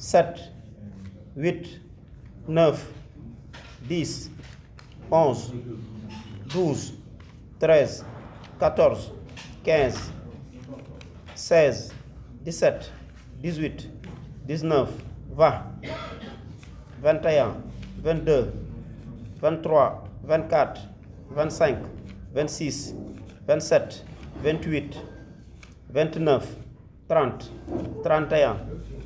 7 8 9 10 11 12 13 14 15 16 17 18 19 20 21 22 23 24 25 26 27 28 29 30 31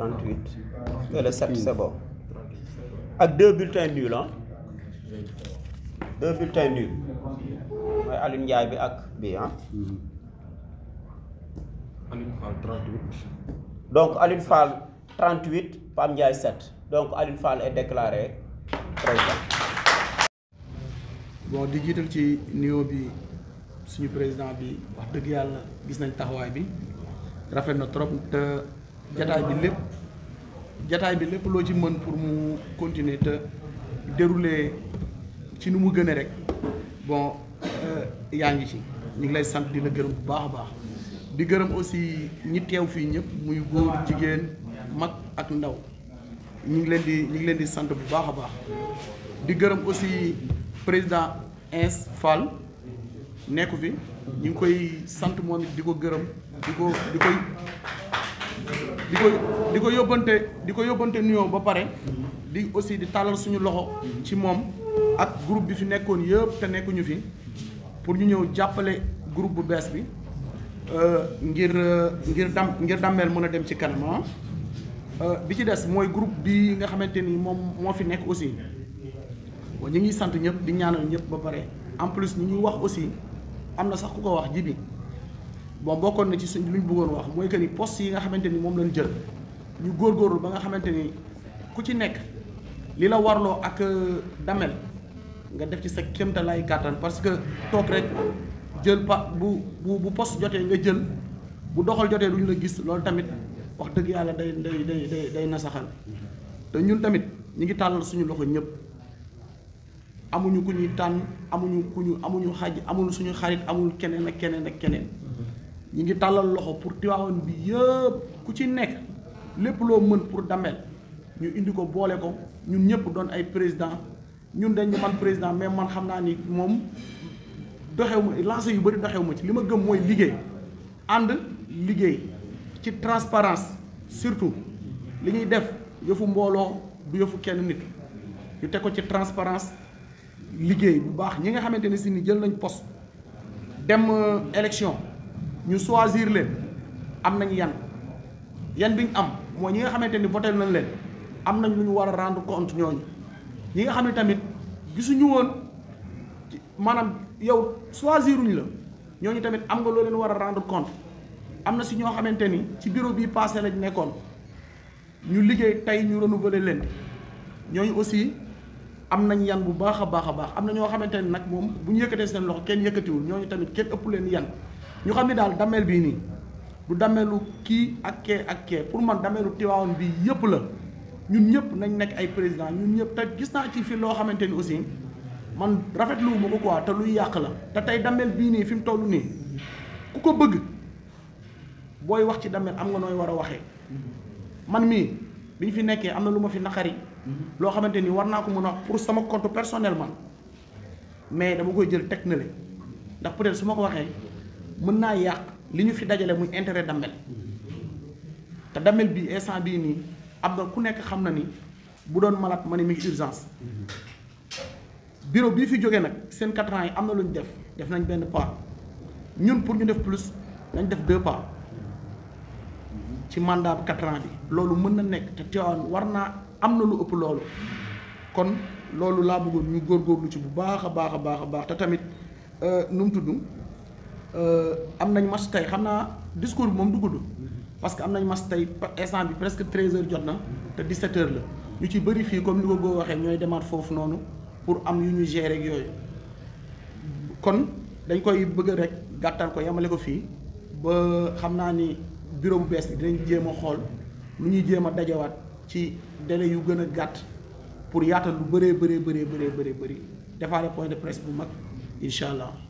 38 et ak deux bulletins nuls ah bi ak bii ah. Mm-hmm. Alioune Fall 38. donc Alioune Fall 38 Pam Ndiaye 7 donc Alioune Fall est déclaré président. bon di jiital ci niveau bi suñu président bi wax dëgg yàlla gis nañ taxawaay bi rafet na trop te. jataay bi lépp jataay bi lépp loo ci mën pour mu continuer te dérouler ci ni mu gënee rek bon euh, yaa ngi ci ñu ngi lay sant di la gërëm bu baax a baax di gërëm aussi ñi teew fii ñëpp muy góor jigéen mag ak ndaw ñu ngi leen di ñu ngi leen di sant bu baax a baax di gërëm aussi président Ins Fall nekku fi ñu ngi koy sant moom di ko gërëm di ko di koy di ko di ko yóbbante di ko yóbbante nuyoo ba pare di aussi di tàllal suñu loxo ci moom ak groupe bi fi nekkoon yëpp te nekkuñu fi pour ñu ñëw jàppale groupe bu bees bi euh, ngir euh, ngir dam ngir Damel mën a dem ci kanam ah. euh, bi ci des mooy groupe bi nga xamante ni moom moo fi nekk aussi ñu ngi sant ñëpp di ñaanal ñëpp ba pare en plus ñu ñuy wax aussi am na sax ku ko wax jibi bon bokkoon na ci suñ luñ buggoon wax mooy que ni poste yi nga xamante ni moom lañ jël ñu góorgóorlu ba nga xamante ni ku ci nekk li la warloo ak euh, damel nga def ci sa kéemtalaay kàttan parce que toog rek jël pa bu bu post jotee nga jël bu doxal jotee lu ñu la gis loolu tamit wax dëgg yàlla day day day day day nasaxal te ñun tamit ñu ngi tàllal suñu loxo ñëpp amuñu ku ñuy tànn amuñu ku ñu amuñu xaj amuñu suñu xarit amul keneen ak keneen ak keneen. ñi ngi tàllal loxo pour Tivaouane bi yëpp ku ci nekk lépp loo mën pour Damel ñu indi ko boole ko ñun ñëpp doon ay président ñun dañ man président mais man xam naa ni moom doxew ma yu bëri doxew ma ci li ma gëm mooy liggéey ànd liggéey ci transparence surtout li ñuy def yëfu mbooloo du yëfu kenn nit ñu te ko ci transparence liggéey bu baax ñi nga xamante ne si ni jël nañ poste dem euh, élection ñu choisir leen am nañ yan yan bi ñu am mooy ñi nga xamante ni voté nañ leen am nañ lu ñu war a rend compte ñooñu ñi nga xam ne tamit gisuñu woon maanaam yow choisiruñ la ñooñu tamit am nga loo leen war a rend compte am na si ñoo xamante ni ci bureau bii passé lañ nekkoon ñu liggéey tey ñu renouveler leen ñooñu aussi am nañ yan bu baax a baax a baax am na ñoo xamante ni nag moom bu ñu yëkkatee seen loxo kenn yëkkatiwul ñooñu tamit kenn ëpp leen yan. ñu xam ne daal dameel bii nii du dameelu kii ak kee ak kee pour man dameelu Tivaouane bii yëpp la ñun ñëpp nañ nekk ay président ñun ñëpp te gis naa ci fi loo xamante ni aussi man rafetlu ma ko quoi te luy yàq la te tey dameel bii nii fi mu toll nii ku ko bëgg booy wax ci dameel am nga nooy war a waxee man mii bi ñu fi nekkee am na lu ma fi naqari loo xamante ni war naa ko mën a pour sama compte personnel man mais dama koy jël teg na le ndax peut-être su ma ko waxee mën naa yàq li ñu fi dajale muy intérêt Damel te Damel bi instant bii nii am na ku nekk xam na ni bu doon malaat ma ne mi ngi urgence bureau bii fi jóge nag seen quatre ans yi am na lu ñu def def nañ benn pas ñun pour ñu def plus nañ def deux pas ci mandat bu quatre bi loolu mën na nekk te Tivaouane war naa am na lu ëpp loolu kon loolu laa bëggoon ñu góor góorgóorlu ci bu baax a baax a baax a baax te tamit euh, nu mu tuddu Euh, am nañ match tey xam naa discours bi moom du gudd parce que am nañ mas tey instant bi presque 13 heures jot na te 17 heures la ñu ci bëri fii comme ni ko goo waxee ñooy demaat foofu noonu pour am yu ñu gérer ak yooyu kon dañ koy bëgg rek gàttal ko yemale ko fii ba xam naa ni bureau mu bees bi dinañ jéem a xool lu ñuy jéem a dajawaat ci délai yu gën a gàtt pour yaatal lu bëree bëree bëree bëree bëri defaale point de presque bu mag incha allah.